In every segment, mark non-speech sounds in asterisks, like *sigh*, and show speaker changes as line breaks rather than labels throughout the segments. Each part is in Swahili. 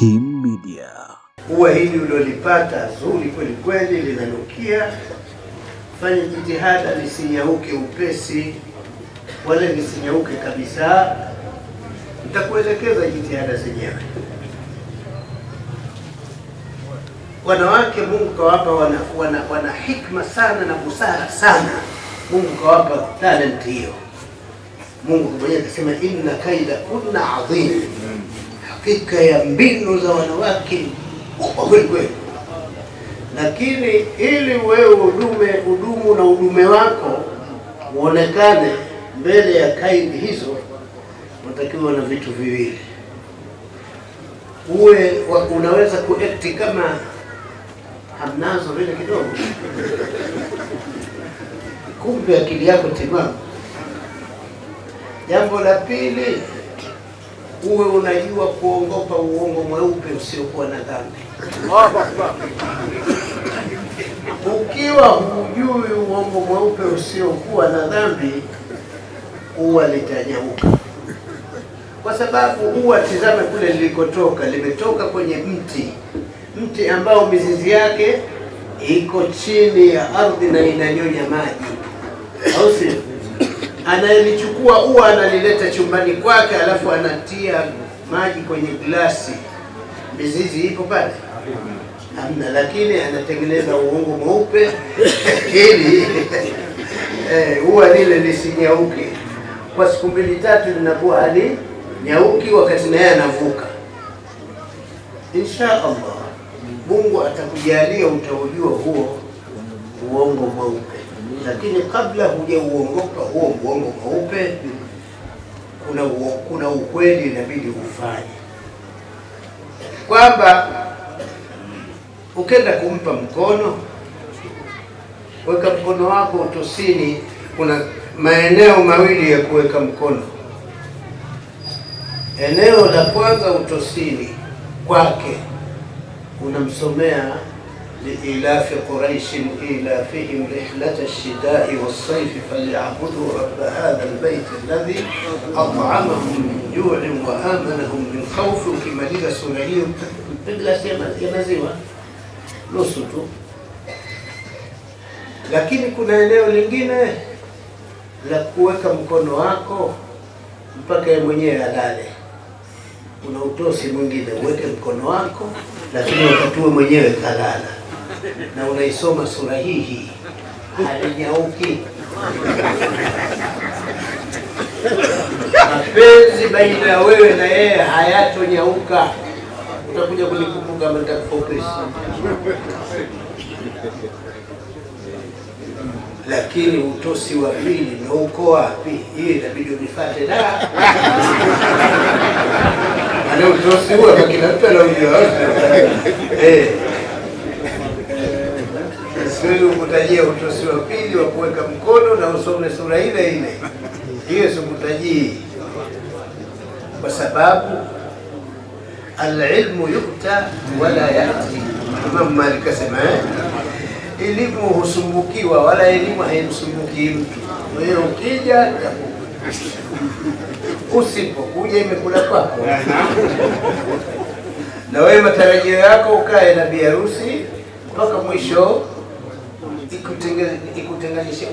Kim Media. Huwa hili uliolipata zuri kweli kweli, linanukia. Fanya jitihada lisinyauke upesi, wala lisinyauke kabisa. Nitakuelekeza jitihada zenyewe. Wanawake Mungu kawapa wana, wana, wana hikma sana na busara sana. Mungu kawapa talent hiyo. Mungu mwenyewe akasema, inna kaida kunna adhim hakika ya mbinu za wanawake kubwa kweli kweli, lakini ili wewe udume udumu na udume wako uonekane mbele ya kaidi hizo, unatakiwa na vitu viwili. Uwe unaweza kuekti kama hamnazo vile kidogo kumbe akili yako timamu. Jambo la pili uwe unajua kuongopa uongo mweupe usiokuwa na dhambi. Ukiwa hujui uongo mweupe usiokuwa na dhambi, uwa litanyauka, kwa sababu huwa tizame kule lilikotoka, limetoka kwenye mti, mti ambao mizizi yake iko chini ya ardhi na inanyonya maji, au sio? anayelichukua huwa analileta chumbani kwake, alafu anatia maji kwenye glasi. Mizizi ipo pale hamna, lakini anatengeneza uongo mweupe ili *laughs* eh, huwa lile lisinyauke kwa siku mbili tatu, linakuwa hali nyauki, wakati naye anavuka. Insha Allah Mungu atakujalia, utaujua huo uongo mweupe lakini kabla hujauongoka huo mgongo mweupe, kuna kuna ukweli inabidi ufanye kwamba ukenda kumpa mkono, weka mkono wako utosini. Kuna maeneo mawili ya kuweka mkono. Eneo la kwanza utosini kwake unamsomea لإلاف قريش ilafihim رحلة الشتاء والصيف فليعبدوا رب هذا البيت الذي أطعمهم من جوع وآمنهم من min كما Ukimaliza sura hiyo
glasi nusu tu,
lakini kuna eneo lingine la kuweka mkono wako mpaka yeye mwenyewe alale. kuna utosi mwingine, uweke mkono wako, lakini wakati mwenyewe kalala na unaisoma sura hii hii halinyauki. Mapenzi baina ya wewe na yeye hayatonyauka. Utakuja kunikumbuka kama nitakufupisha. Lakini utosi wa pili na uko wapi? Hii inabidi unifate da ana
yaani utosi huo kwa kila mtu anaujua. Eh
ili ukutajia utosi wa pili wa kuweka mkono na usome sura ile ile hiyo, sikutajii kwa sababu alilmu yukta wala yati.
Imam Malik asema eh,
elimu husumbukiwa wala elimu haimsumbuki mtu. hiyo ukija usipokuja imekula kwako. Na wewe matarajio yako ukae na biharusi mpaka mwisho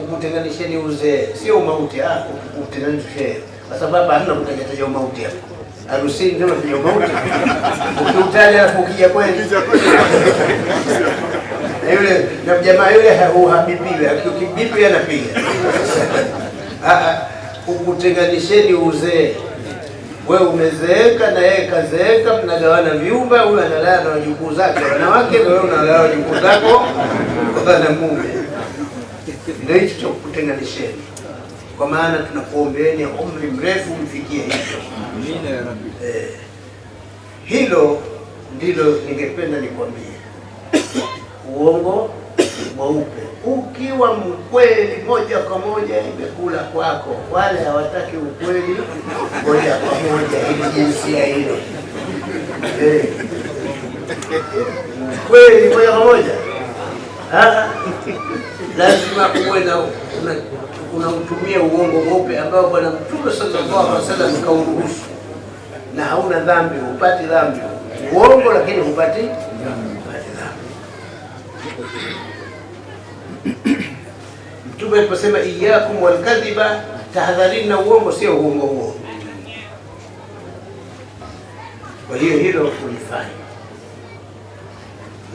ukutenganisheni uzee, sio umauti, utenganishe kwa sababu hamna kutataja umauti hapo. Harusini ndio unakuja umauti, ukiutaja alafu ukija kweli na yule na jamaa yule habibiwi, akibibiwi anapiga. Ah, ah. Ukutenganisheni uzee wewe umezeeka na yeye kazeeka, mnagawana vyumba, huyu analala na wajukuu zake wanawake, na wewe unalala wajukuu zako wanamume. Ndio hicho cha kutenganisheni. Kwa maana tunakuombeeni umri mrefu mfikie hicho. Amina ya Rabbi. Eh, hilo ndilo ningependa nikwambie uongo mweupe, ukiwa mkweli moja kwa moja imekula kwako. Wale hawataki ukweli moja kwa moja, ili jinsia hilo eh. kweli moja kwa moja, lazima uwe na unautumia uongo mweupe ambao Bwana Mtume sallallahu alaihi wasallam kauruhusu, na hauna dhambi, hupati dhambi. Uongo lakini hupati dhambi. *clears throat* Mtume aliposema iyyakum walkadhiba, tahadharini na uongo, sio uongo huo. Kwa hiyo hilo kulifanya,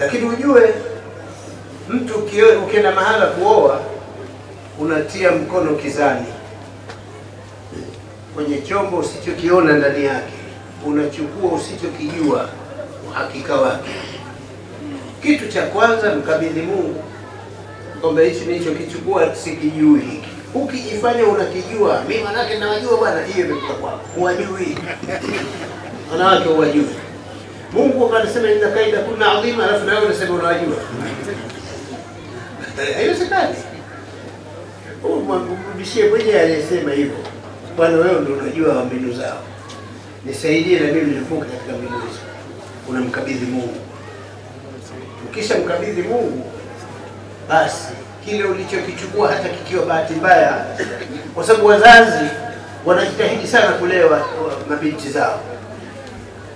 lakini ujue mtu ukienda mahala kuoa unatia mkono kizani kwenye chombo usichokiona ndani yake, unachukua usichokijua uhakika wake. Kitu cha kwanza mkabidhi Mungu kwamba hichi nilichokichukua sikijui hiki. Ukijifanya unakijua, mimi manake nawajua bwana, hiyo imekuta kwako, huwajui *laughs* wanawake, huwajui. Mungu akanasema inna kaida kunna adhima, alafu nawe unasema unawajua. Eh, haiwezekani. Mrudishie mwenye aliyesema hivyo, bwana, wewe ndio unajua mbinu zao, nisaidie na mimi nifuke katika mbinu hizo. Unamkabidhi Mungu, ukisha mkabidhi Mungu basi kile ulichokichukua hata kikiwa bahati mbaya, kwa sababu wazazi wanajitahidi sana kulea mabinti zao,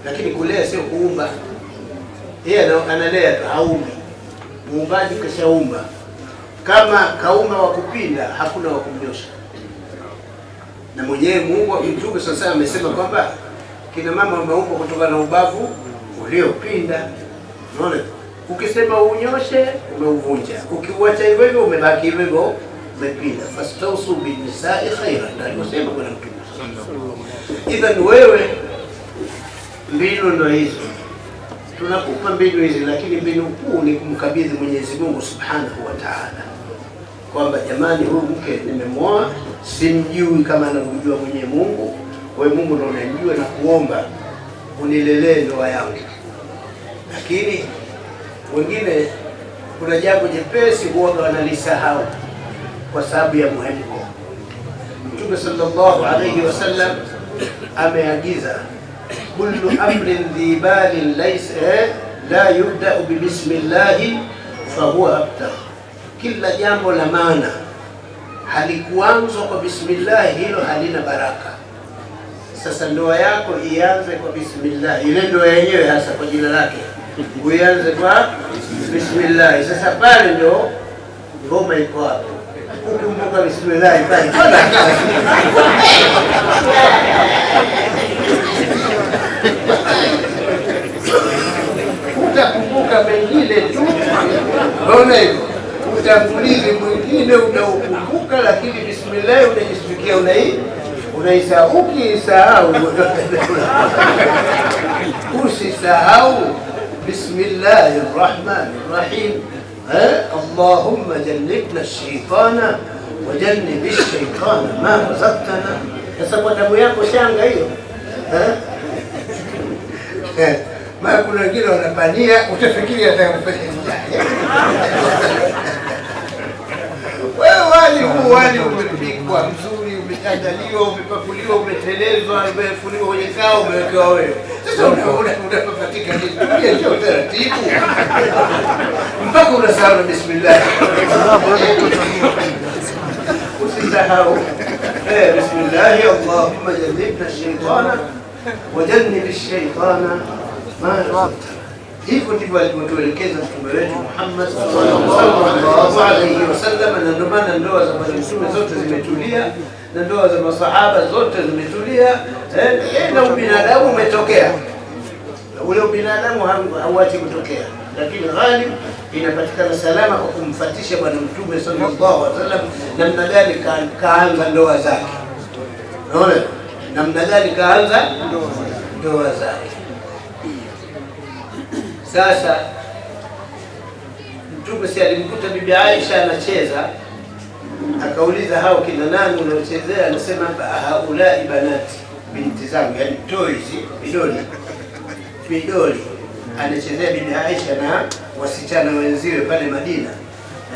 lakini kulea sio kuumba. Yeye analea tu, haumbi. Muumbaji kashaumba. Kama kaumba wa kupinda, hakuna wa kumnyosha. Na mwenyewe Mungu Mtume sasa amesema kwamba kina mama wameumbwa kutoka na ubavu uliopinda. Unaona? Ukisema unyoshe umeuvunja, ukiuacha hivyo hivyo umebaki hivyo hivyo umepinda. Fastausu binnisai khaira, ndio alivyosema Bwana Mtume. Idhan wewe mbinu ndo hizo, tunakupa mbinu hizi, lakini mbinu kuu ni kumkabidhi Mwenyezi Mungu Subhanahu wa Ta'ala, kwamba jamani, huyu mke nimemwoa, simjui kama anamjua mwenye Mungu. Wewe Mungu ndo unamjua, na kuomba unilelee ndoa yangu, lakini wengine kuna jambo jepesi huoga wanalisahau kwa sababu ya muhemko. Mtume sallallahu alayhi wasallam ameagiza kullu amrin dhibalin laysa eh, la yubdau bibismillahi fahuwa abtar, kila jambo la maana halikuanzwa kwa bismillahi, hilo halina baraka. Sasa ndoa yako ianze kwa bismillahi, ile ndoa yenyewe hasa kwa jina lake uianze kwa bismillahi. Sasa pale ndio ngoma iko hapo, ukumbuka bismillahi pale utakumbuka mengine tu, ona hivyo utangulizi mwingine unaukumbuka, lakini bismillahi unajisikia unai unaisauki isahau *laughs* usisahau بسم الله الرحمن الرحيم ها اللهم جنبنا الشيطان وجنب الشيطان ما رزقتنا
تسبت ابو ياكو شانغ هيو ها
ما كنا نجيله ربانية وتفكير يا تغفل الله *laughs* والي هو والي ومن فيك ومزوري ومن أدلي ومن umefunguliwa, umetelezwa, umefuliwa kwenye kao, umewekewa wewe. Sasa unapatika ndio taratibu, mpaka unasahau bismillah. Usisahau bismillahi, allahumma jannibna shaitana wa jannib shaitana ma Hivyo ndivyo alivyotuelekeza mtume wetu Muhammad sallallahu alaihi wasallam, na ndio maana ndoa za Mtume zote zimetulia. na ndoa za masahaba zote zimetulia, eh, eh na ubinadamu umetokea. Ule ubinadamu hauachi kutokea, lakini ghalib inapatikana salama kwa kumfatisha Bwana Mtume sallallahu alaihi wasallam, namna gani kaanza ndoa zake. Unaona namna gani kaanza ndoa zake. Sasa Mtume si alimkuta Bibi Aisha anacheza Akauliza hao kina nani unaochezea? Anasema haulai banati, binti zangu, yani toys, bidoli bidoli. Anachezea bibi Aisha na wasichana wenziwe pale Madina.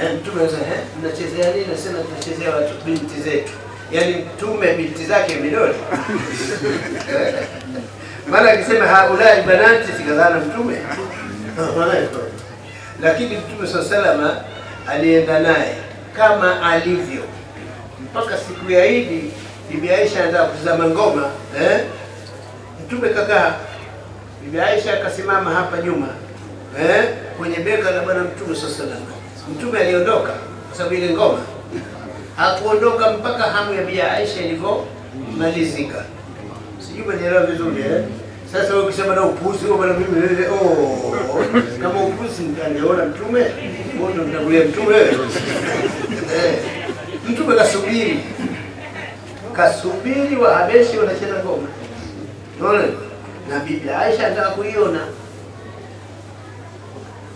Eh, mtume anasema he, eh, mnachezea nini? Anasema tunachezea watu binti zetu, yani mtume binti zake bidoli *laughs* maana akisema haulai banati sikadhana mtume *laughs* lakini Mtume sallallahu alaihi wasallam alienda naye kama alivyo mpaka siku ya Idi. Bibi Aisha anataka kuzama ngoma eh? Mtume kakaa, Bibi Aisha akasimama hapa nyuma eh? kwenye beka la bwana Mtume sallallahu alaihi Mtume aliondoka kwa sababu ile ngoma hakuondoka mpaka hamu ya Bibi Aisha ilivyomalizika. Sijui mnaelewa vizuri eh? Sasa wewe ukisema na upuzi wewe bwana, mimi wewe oh, oh kama upuzi mtaniona mtume, wewe ndo mtume Eh, mtume kasubiri, kasubiri wa Habeshi wanacheza ngoma, unaona na bibi Aisha anataka kuiona,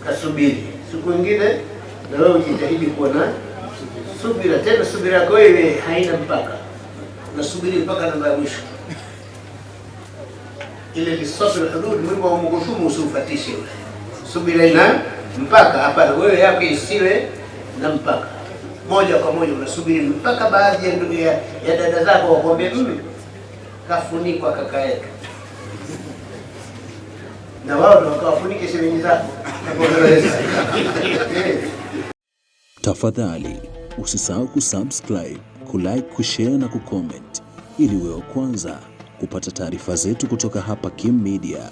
kasubiri siku nyingine. Na wewe ujitahidi kuwa na subira, tena subira yako wewe haina mpaka, nasubiri mpaka namba ya mwisho ile lisabr hudud, Mungu aumughusumu usiufatishe, subira ina mpaka. Hapana, wewe yake isiwe na mpaka, moja kwa moja unasubiri mpaka baadhi ya ndugu ya, ya dada zako wakwambie mimi kafunikwa kaka yetu, na wao ndio wakawafunike shemeji zako. *laughs* Tafadhali usisahau kusubscribe, kulike, kushare na kucomment ili wewe kwanza kupata taarifa zetu kutoka hapa Kim Media.